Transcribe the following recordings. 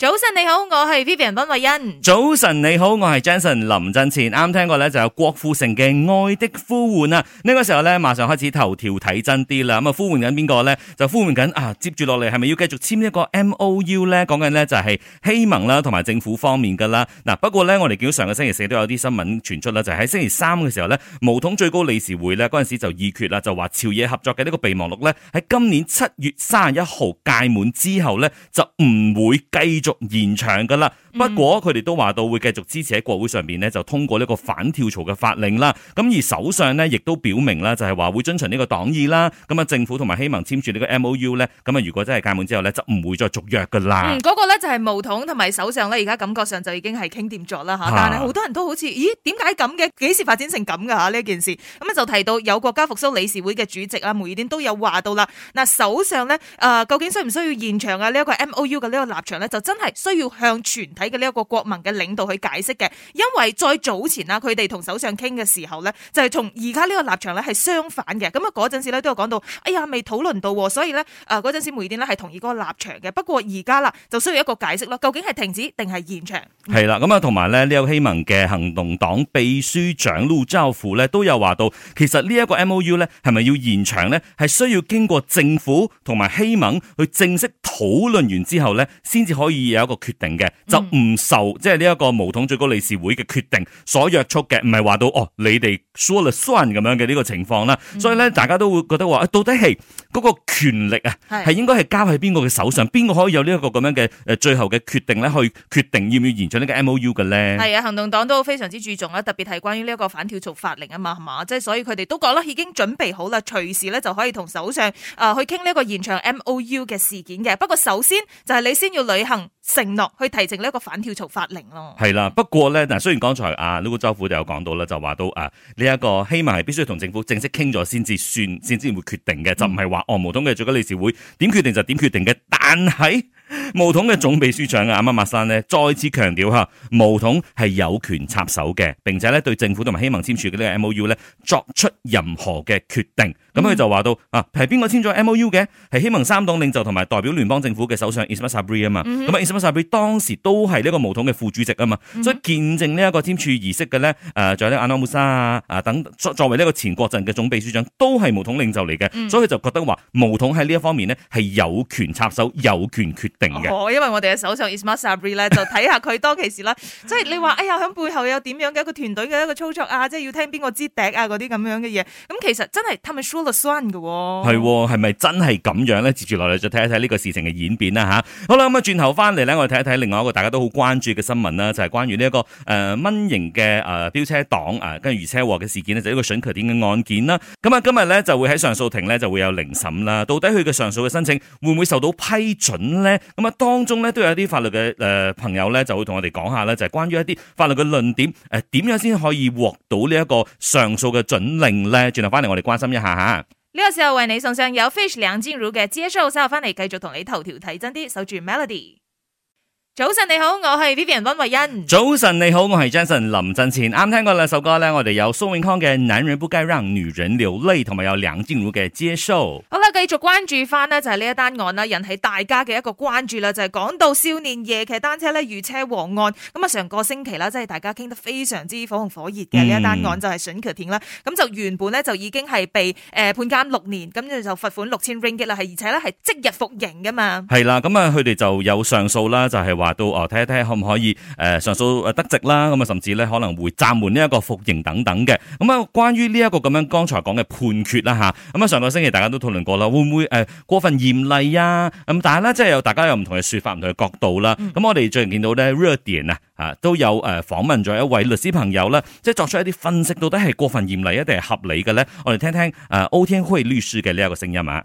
早晨你好，我係 Vivian 溫慧欣。早晨你好，我係 Jason 林振前。啱聽過咧，就有郭富城嘅《愛的呼喚》啊。呢個時候咧，馬上開始頭條睇真啲啦。咁啊，呼喚緊邊個咧？就呼喚緊啊！接住落嚟係咪要繼續簽一個 M O U 咧？講緊咧就係、是、希盟啦，同埋政府方面噶啦。嗱，不過咧，我哋見到上個星期四都有啲新聞傳出啦，就係、是、喺星期三嘅時候咧，巫統最高理事會咧嗰陣時就議決啦，就話朝野合作嘅呢個備忘錄咧，喺今年七月三十一號屆滿之後咧，就唔會繼續。續延長噶啦，不過佢哋都話到會繼續支持喺國會上面呢，就通過呢個反跳槽嘅法令啦。咁而首相呢，亦都表明啦，就係話會遵循呢個黨意啦。咁啊，政府同埋希盟簽住呢個 M O U 咧，咁啊，如果真係屆滿之後呢，就唔會再續約噶啦。嗰，嗯那個是呢，就係毛統同埋首相呢，而家感覺上就已經係傾掂咗啦吓。但係好多人都好似，咦，點解咁嘅？幾時發展成咁噶吓？呢件事咁啊，嗯，就提到有國家復蘇理事會嘅主席啊，梅爾丁都有話到啦。嗱，首相呢，誒，呃，究竟需唔需要延長啊？呢一個 M O U 嘅呢個立場呢？就真。係需要向全體嘅呢一個國民嘅領導去解釋嘅，因為再早前啊，佢哋同首相傾嘅時候呢，就係從而家呢個立場呢係相反嘅。咁啊，嗰陣時呢都有講到，哎呀，未討論到，所以呢，誒，嗰陣時梅甸呢係同意嗰個立場嘅。不過而家啦，就需要一個解釋咯，究竟係停止定係延長？係啦，咁啊同埋呢，呢個希盟嘅行動黨秘書長陸兆福呢都有話到，其實呢一個 M O U 呢係咪要延長呢？係需要經過政府同埋希盟去正式討論完之後呢，先至可以。有一個決定嘅，就唔受即係呢一個巫統最高理事會嘅決定所約束嘅，唔係話到哦，你哋 solution 咁樣嘅呢個情況啦。所以咧，大家都會覺得話，到底係嗰個權力啊，係應該係交喺邊個嘅手上？邊個可以有呢一個咁樣嘅誒最後嘅決定咧？去決定要唔要延長呢個 M O U 嘅咧？係啊，行動黨都非常之注重啦，特別係關於呢一個反跳槽法令啊嘛，係嘛，即係所以佢哋都講啦，已經準備好啦，隨時咧就可以同首相誒去傾呢一個延長 M O U 嘅事件嘅。不過首先就係你先要履行。承諾去提呈呢一個反跳槽法令咯，係啦。不過咧，嗱雖然剛才啊阿盧州府就有講到啦，就話到啊呢一個希望係必須要同政府正式傾咗先至算，先至會決定嘅，嗯，就唔係話哦無通嘅最高理事會點決定就點決定嘅，但係。毛統嘅總秘書長阿阿默生咧，再次強調吓，毛統係有權插手嘅，並且咧對政府同埋希盟簽署嘅呢個 M O U 咧作出任何嘅決定。咁、嗯、佢就話到啊，係邊個簽咗 M O U 嘅？係希盟三黨領袖同埋代表聯邦政府嘅首相 Ismael Sabri、嗯、啊嘛。咁啊 Ismael Sabri 當時都係呢個毛統嘅副主席啊嘛、嗯，所以見證呢一個簽署儀式嘅咧，誒、呃，仲有呢阿納姆莎啊，啊等作作為呢個前國陣嘅總秘書長都係毛統領袖嚟嘅、嗯，所以就覺得話毛統喺呢一方面呢係有權插手、有權決定。哦、因為我哋嘅首相 Ismael Sabri 咧，就睇下佢當其時啦。 即係你話哎呀，響背後有點樣嘅一個團隊嘅一個操作啊，即係要聽邊個支笛啊，嗰啲咁樣嘅嘢。咁其實真係，係咪雙立山嘅？係、哦，係咪真係咁樣咧？接住落嚟，再睇一睇呢個事情嘅演變啦，吓。好啦，咁啊，轉頭翻嚟咧，我哋睇一睇另外一個大家都好關注嘅新聞啦，就係、是、關於呢一個誒、呃、蚊型嘅誒飆車黨誒、啊、跟住如車禍嘅事件，就是件嗯、呢，就呢個 Sam Ke Ting 嘅案件啦。咁啊，今日咧就會喺上訴庭咧就會有聆審啦。到底佢嘅上訴嘅申請會唔會受到批准咧？咁、嗯當中咧都有啲法律嘅誒朋友咧就會同我哋講下咧，就係關於一啲法律嘅論點誒，點樣先可以獲到呢一個上訴嘅准令咧？轉頭翻嚟，我哋關心一下吓。呢個時候為你送上有 fish 兩煎乳嘅 J S O，稍後翻嚟繼續同你頭條睇真啲，守住 Melody。早晨你好，我係 Vivian 溫慧欣。早晨你好，我係 Jason 林振前。啱聽過兩首歌咧，我哋有蘇永康嘅《男人不該讓女人流淚》，同埋有梁靜茹嘅《接受》。好啦，繼續關注翻咧，就係呢一單案啦，引起大家嘅一個關注啦，就係講到少年夜騎單車咧遇車禍案。咁啊，上個星期啦，即係大家傾得非常之火紅火熱嘅呢一單案，就係 Shunkatian 啦。咁就原本咧就已經係被誒判監六年，咁就就罰款六千 ringgit 啦，係而且咧係即日服刑噶嘛。係啦，咁啊，佢哋就有上訴啦，就係話。都哦，睇一睇可唔可以上得，誒上訴誒得直啦，咁啊甚至咧可能會暫緩呢一個服刑等等嘅。咁啊，關於呢一個咁樣剛才講嘅判決啦吓，咁啊上個星期大家都討論過啦，會唔會誒過分嚴厲啊？咁但係咧，即係有大家有唔同嘅說法，唔同嘅角度啦。咁、嗯、我哋最近見到咧 r Dean 啊，都有誒訪問咗一位律師朋友咧，即係作出一啲分析，到底係過分嚴厲，一定係合理嘅咧？我哋聽聽誒歐天律師嘅呢一個聲音啊。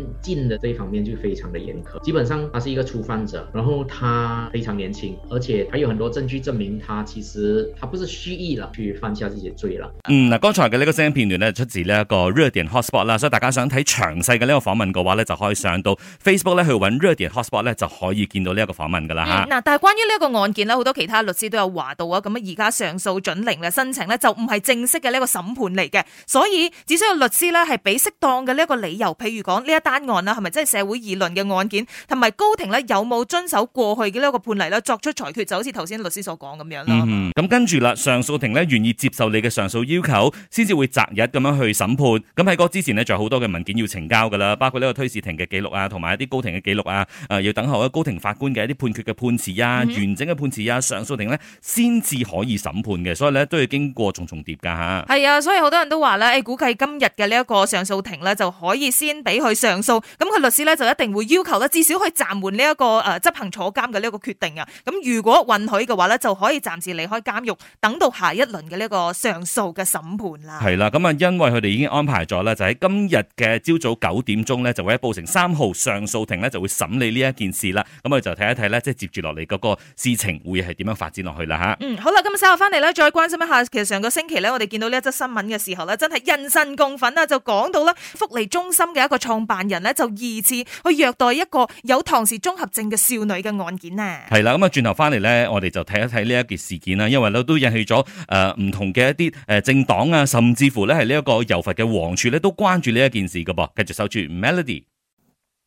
進嘅這一方面就非常的嚴苛，基本上他是一個初犯者，然後他非常年輕，而且還有很多證據證明他其實他不是蓄意了去犯下這些罪啦。嗯，嗱，剛才嘅呢個聲音片段呢，出自呢一個熱點 hotspot 啦，所以大家想睇詳細嘅呢個訪問嘅話呢，就可以上到 Facebook 咧，去搵熱點 hotspot 咧，就可以見到呢一個訪問噶啦吓。嗱、嗯，但係關於呢一個案件呢，好多其他律師都有話到啊，咁啊而家上訴准令嘅申請呢，就唔係正式嘅呢個審判嚟嘅，所以只需要律師呢，係俾適當嘅呢一個理由，譬如講呢一單單案啦，係咪即係社會議論嘅案件，同埋高庭呢，有冇遵守過去嘅呢一個判例咧作出裁決，就好似頭先律師所講咁樣啦。嗯，咁跟住啦，上訴庭呢，願意接受你嘅上訴要求，先至會擇日咁樣去審判。咁喺嗰之前咧，就好多嘅文件要呈交噶啦，包括呢個推事庭嘅記錄啊，同埋一啲高庭嘅記錄啊，誒，要等候一高庭法官嘅一啲判決嘅判詞啊、嗯，完整嘅判詞啊，上訴庭呢，先至可以審判嘅，所以呢，都要經過重重疊噶吓。係啊，所以好多人都話呢，誒，估計今日嘅呢一個上訴庭呢，就可以先俾佢上。數咁，佢律師呢，就一定會要求咧，至少可以暫緩呢一個誒執行坐監嘅呢一個決定啊。咁如果允許嘅話呢，就可以暫時離開監獄，等到下一輪嘅呢一個上訴嘅審判啦。係啦，咁啊，因為佢哋已經安排咗咧，就喺今日嘅朝早九點鐘呢，就會喺布城三號上訴庭呢，就會審理呢一件事啦。咁我就睇一睇呢，即係接住落嚟嗰個事情會係點樣發展落去啦吓。嗯，好啦，咁稍後翻嚟呢，再關心一下，其實上個星期呢，我哋見到呢一則新聞嘅時候呢，真係人神共憤啊，就講到咧福利中心嘅一個創辦。人呢就二次去虐待一個有唐氏綜合症嘅少女嘅案件呢係啦，咁啊轉頭翻嚟咧，我哋就睇一睇呢一件事件啦，因為咧都引起咗誒唔同嘅一啲誒政黨啊，甚至乎咧係呢一個右派嘅王處咧都關注呢一件事噶噃，繼續守住 Melody。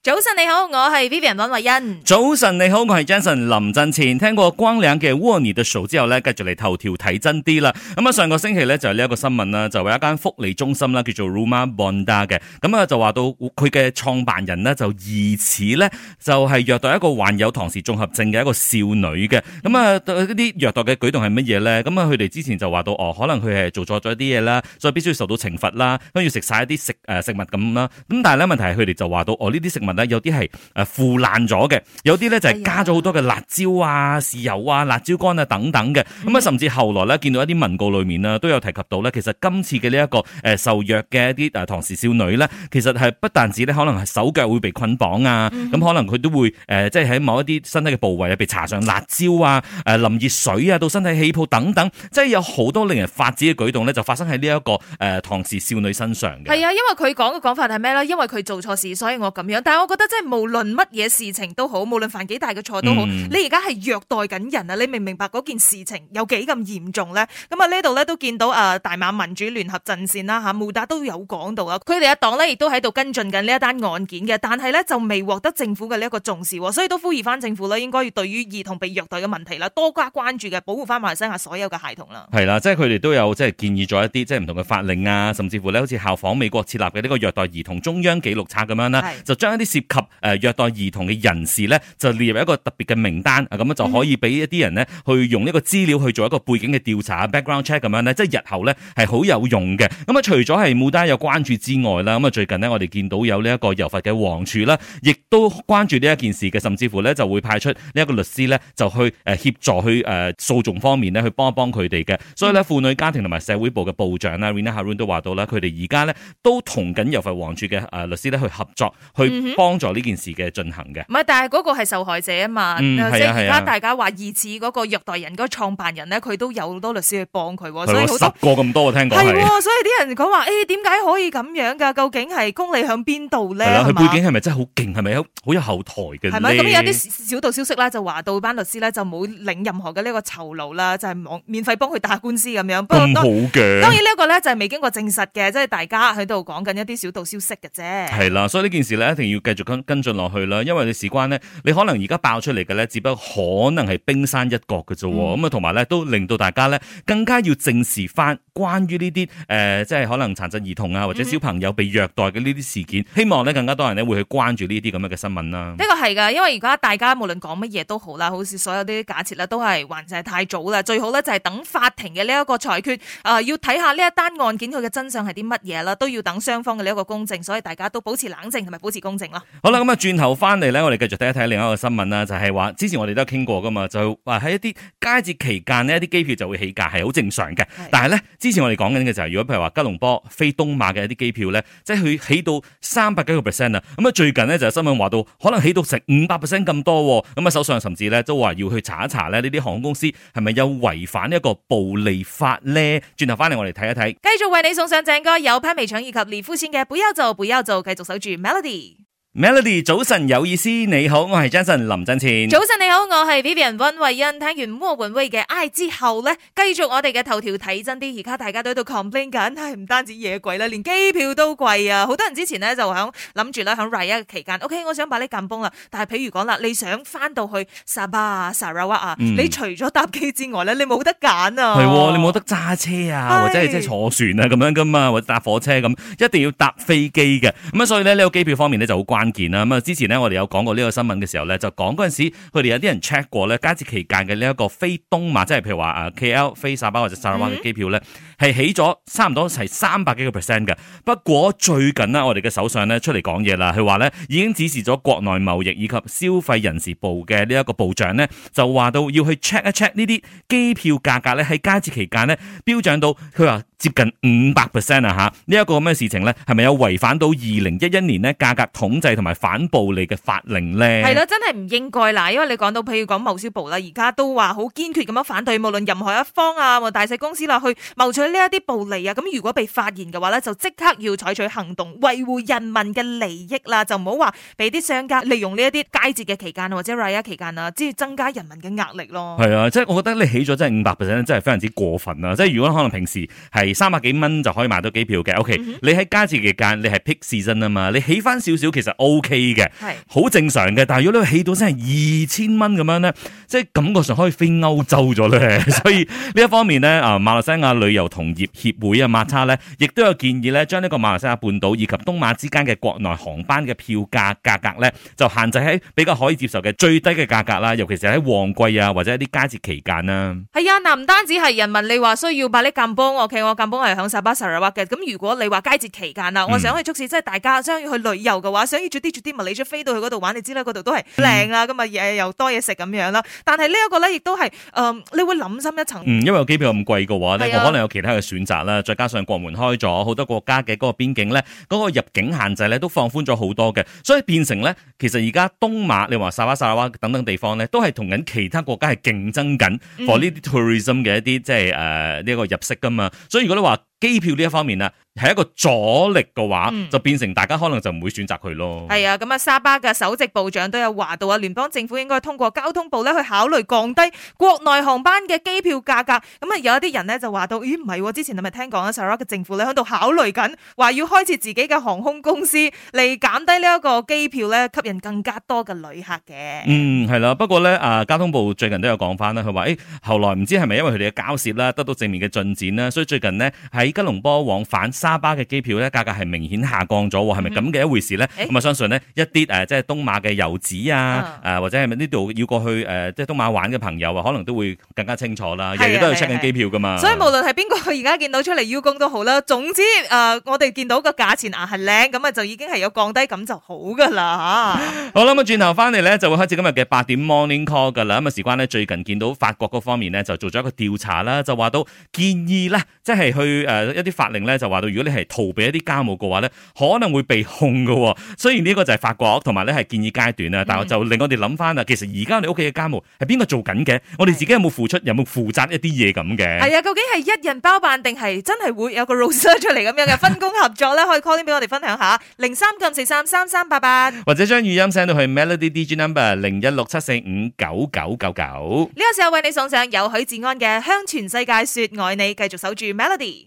早晨你好，我係 Vivian 林慧欣。早晨你好，我係 Jason 林振前。聽過光良嘅《Wanna 的手》之後咧，繼續嚟頭條睇真啲啦。咁啊，上個星期咧就呢一個新聞啦，就係一間福利中心啦，叫做 Ruma Bonda 嘅。咁啊，就話到佢嘅創辦人咧就疑似咧就係虐待一個患有唐氏綜合症嘅一個少女嘅。咁啊，呢啲虐待嘅舉動係乜嘢咧？咁啊，佢哋之前就話到哦，可能佢係做錯咗啲嘢啦，所以必須要受到懲罰啦，都要食晒一啲食、誒食物咁啦。咁但係咧，問題係佢哋就話到哦，呢啲食物。有啲係誒腐爛咗嘅，有啲咧就係加咗好多嘅辣椒啊、豉油啊、辣椒乾啊等等嘅。咁啊，甚至後來咧見到一啲文告裏面都有提及到咧，其實今次嘅呢一個誒受虐嘅一啲誒唐氏少女咧，其實係不但止咧可能係手腳會被捆綁啊，咁可能佢都會誒即係喺某一啲身體嘅部位啊被搽上辣椒啊、誒淋熱水啊，到身體起泡等等，即係有好多令人發指嘅舉動咧，就發生喺呢一個誒唐氏少女身上嘅。係啊，因為佢講嘅講法係咩咧？因為佢做錯事，所以我咁樣。但我。我覺得即係無論乜嘢事情都好，無論犯幾大嘅錯都好，嗯、你而家係虐待緊人啊！你明唔明白嗰件事情有幾咁嚴重呢？咁啊呢度咧都見到啊、呃、大馬民主聯合陣線啦吓、啊，穆達都有講到啊，佢哋一黨呢亦都喺度跟進緊呢一單案件嘅，但係咧就未獲得政府嘅呢一個重視，所以都呼籲翻政府咧，應該要對於兒童被虐待嘅問題啦，多加關注嘅，保護翻馬來西亞所有嘅孩童啦。係啦，即係佢哋都有即係建議咗一啲即係唔同嘅法令啊，甚至乎咧好似效仿美國設立嘅呢個虐待兒童中央紀錄冊咁樣啦，就將一啲。涉及誒虐待兒童嘅人士咧，就列入一個特別嘅名單，咁樣就可以俾一啲人呢，去用呢個資料去做一個背景嘅調查、mm-hmm. （background check） 咁樣呢即係日後呢，係好有用嘅。咁啊，除咗係穆丹有關注之外啦，咁啊最近呢，我哋見到有呢一個柔佛嘅王儲啦，亦都關注呢一件事嘅，甚至乎呢，就會派出呢一個律師呢，就去誒協助去誒訴訟方面呢，去幫一幫佢哋嘅。所以呢，婦女家庭同埋社會部嘅部長啦，Rina Harun 都話到啦，佢哋而家呢，都同緊柔佛王儲嘅誒律師呢去合作，mm-hmm. 去幫。幫助呢件事嘅進行嘅，唔係，但係嗰個係受害者啊嘛，即係而家大家話疑似嗰個虐待人嗰、那個創辦人咧，佢都有好多律師去幫佢，所以好多、啊、十個咁多，聽講係、啊，所以啲人講話誒，點、哎、解可以咁樣噶、啊？究竟係公理向邊度咧？佢、啊、背景係咪真係好勁？係咪好有後台嘅？係咪咁？有啲小道消息咧，就話到班律師咧就冇領任何嘅呢個酬勞啦，就係、是、免費幫佢打官司咁樣。不過都好嘅，當然呢一個咧就係、是、未經過證實嘅，即、就、係、是、大家喺度講緊一啲小道消息嘅啫。係啦、啊，所以呢件事咧一定要繼續跟跟進落去啦，因為你事關呢，你可能而家爆出嚟嘅呢，只不過可能係冰山一角嘅啫。咁、嗯、啊，同埋呢，都令到大家呢更加要正視翻關於呢啲誒，即係可能殘疾兒童啊，或者小朋友被虐待嘅呢啲事件。嗯、希望呢更加多人呢會去關注呢啲咁樣嘅新聞啦。呢個係噶，因為而家大家無論講乜嘢都好啦，好似所有啲假設啦，都係還淨係太早啦。最好呢就係等法庭嘅呢一個裁決啊、呃，要睇下呢一單案件佢嘅真相係啲乜嘢啦，都要等雙方嘅呢一個公正。所以大家都保持冷靜同埋保持公正。好啦，咁啊，轉頭翻嚟咧，我哋繼續睇一睇另外一個新聞啦，就係話之前我哋都係傾過噶嘛，就話喺一啲佳節期間呢，一啲機票就會起價，係好正常嘅。但係咧，之前我哋講緊嘅就係，如果譬如話吉隆坡飛東馬嘅一啲機票咧，即係佢起到三百幾個 percent 啊。咁啊，最近呢，就係新聞話到可能起到成五百 percent 咁多，咁啊，首相甚至咧都話要去查一查咧呢啲航空公司係咪有違反一個暴利法咧。轉頭翻嚟，我哋睇一睇，繼續為你送上鄭哥、有潘美強以及李夫先嘅不休做，不休做，繼續守住 melody。Melody 早晨有意思，你好，我係 Jason 林振前。早晨你好，我係 Vivian 溫慧欣。聽完 Mo Yun Wei 嘅 I 之後咧，繼續我哋嘅頭條睇真啲。而家大家都喺度 complain 緊、哎，係唔單止嘢貴啦，連機票都貴啊。好多人之前呢就響諗住咧響 Raya 期間，OK，我想把你撳崩啊。但係譬如講啦，你想翻到去沙巴啊、Sarawak 啊、嗯，你除咗搭機之外呢，你冇得揀啊。係，你冇得揸車啊，或者係坐船啊咁樣噶嘛，或者搭火車咁，一定要搭飛機嘅。咁所以呢，呢個機票方面就好關。咁啊！之前咧，我哋有講過呢個新聞嘅時候咧，就講嗰陣時，佢哋有啲人 check 過咧，佳節期間嘅呢一個飛東馬，即係譬如話啊 K L 飛沙巴或者沙拉灣嘅機票咧，係起咗差唔多係三百幾個 percent 嘅。不過最近呢，我哋嘅首相咧出嚟講嘢啦，佢話咧已經指示咗國內貿易以及消費人事部嘅呢一個部長咧，就話到要去 check 一 check 呢啲機票價格咧，喺佳節期間咧飆漲到佢話。接近五百 percent 啊吓，呢一個咁嘅事情呢？係咪有違反到二零一一年呢價格統制同埋反暴利嘅法令呢？係咯，真係唔應該嗱，因為你講到譬如講貿消部啦，而家都話好堅決咁樣反對，無論任何一方啊，或大細公司啦，去謀取呢一啲暴利啊，咁如果被發現嘅話呢，就即刻要採取行動維護人民嘅利益啦，就唔好話俾啲商家利用呢一啲佳節嘅期間或者 Raya 期間啊，即係增加人民嘅壓力咯。係啊，即係我覺得你起咗真係五百 percent，真係非常之過分啊。即係如果可能平時三百幾蚊就可以買到機票嘅，O K。你喺佳節期間，你係 peak season 啊嘛，你起翻少少其實 O K 嘅，係好正常嘅。但係如果你起到真係二千蚊咁樣咧，即係感覺上可以飛歐洲咗咧。 所以呢一方面咧，啊馬來西亞旅遊同業協會啊，抹叉咧，亦都有建議咧，將呢個馬來西亞半島以及東馬之間嘅國內航班嘅票價價格咧，就限制喺比較可以接受嘅最低嘅價格啦。尤其是喺旺季啊，或者一啲佳節期間啦。係啊，嗱，唔單止係人民，你話需要把呢咁幫我。OK 間房係響沙巴、塞拉哇嘅。咁如果你話佳節期間啦，我想去促使即係大家將要去旅遊嘅話，想要住啲住啲，物你想飛到去嗰度玩，你知啦，嗰度都係靚啦，咁啊又多嘢食咁樣啦。但係呢一個咧，亦都係誒，你會諗深一層。因為機票咁貴嘅話咧，我可能有其他嘅選擇啦。再加上國門開咗，好多國家嘅嗰個邊境咧，嗰、嗰個入境限制咧都放寬咗好多嘅，所以變成咧，其實而家東馬你話、嗯、沙巴、塞拉哇等等地方咧，都係同緊其他國家係競爭緊 for 呢啲 tourism 嘅、嗯、一啲即係誒呢個入息噶嘛，所以。如果你話，機票呢一方面啊，係一個阻力嘅話，就變成大家可能就唔會選擇佢咯。係啊，咁啊，沙巴嘅首席部長都有話到啊，聯邦政府應該通過交通部咧去考慮降低國內航班嘅機票價格。咁啊，有一啲人咧就話到，咦，唔係啊，之前你咪聽講啊，沙巴嘅政府咧喺度考慮緊，話要開設自己嘅航空公司嚟減低呢一個機票咧，吸引更加多嘅旅客嘅。嗯，係啦，不過咧啊，交通部最近都有講翻啦，佢話誒，後來唔知係咪因為佢哋嘅交涉啦，得到正面嘅進展啦，所以最近呢，係。喺吉隆坡往返沙巴嘅機票咧，價格係明顯下降咗，係咪咁嘅一回事咧？咁、嗯、啊，我相信呢一啲誒，即係東馬嘅遊子啊，誒，或者係咪呢度要過去誒，即係東馬玩嘅朋友啊，可能都會更加清楚啦。日日都係 check 緊機票噶嘛，所以無論係邊個，佢而家見到出嚟邀功都好啦。總之誒、呃，我哋見到個價錢啊係靚，咁啊就已經係有降低咁就好噶啦吓。 好啦，咁啊轉頭翻嚟咧，就會開始今日嘅八點 morning call 噶啦。咁啊，事關咧最近見到法國嗰方面呢，就做咗一個調查啦，就話到建議咧，即係去。誒，一啲法令咧，就話到，如果你係逃避一啲家務嘅話咧，可能會被控㗎。雖然呢個就係法國，同埋咧係建議階段啊，但係就令我哋諗翻啦，其實而家你屋企嘅家務係邊個做緊嘅？我哋自己有冇付出，有冇負責一啲嘢咁嘅？係啊，究竟係一人包辦定係真係會有個 research 出嚟，咁樣嘅分工合作咧？可以 call 啲俾我哋分享下，零三九四三三三八八，或者將語音 send 到去 Melody DJ Number 零一六七四五九九九九。呢個時候為你送上有許志安嘅《向全世界說愛你》，繼續守住 Melody。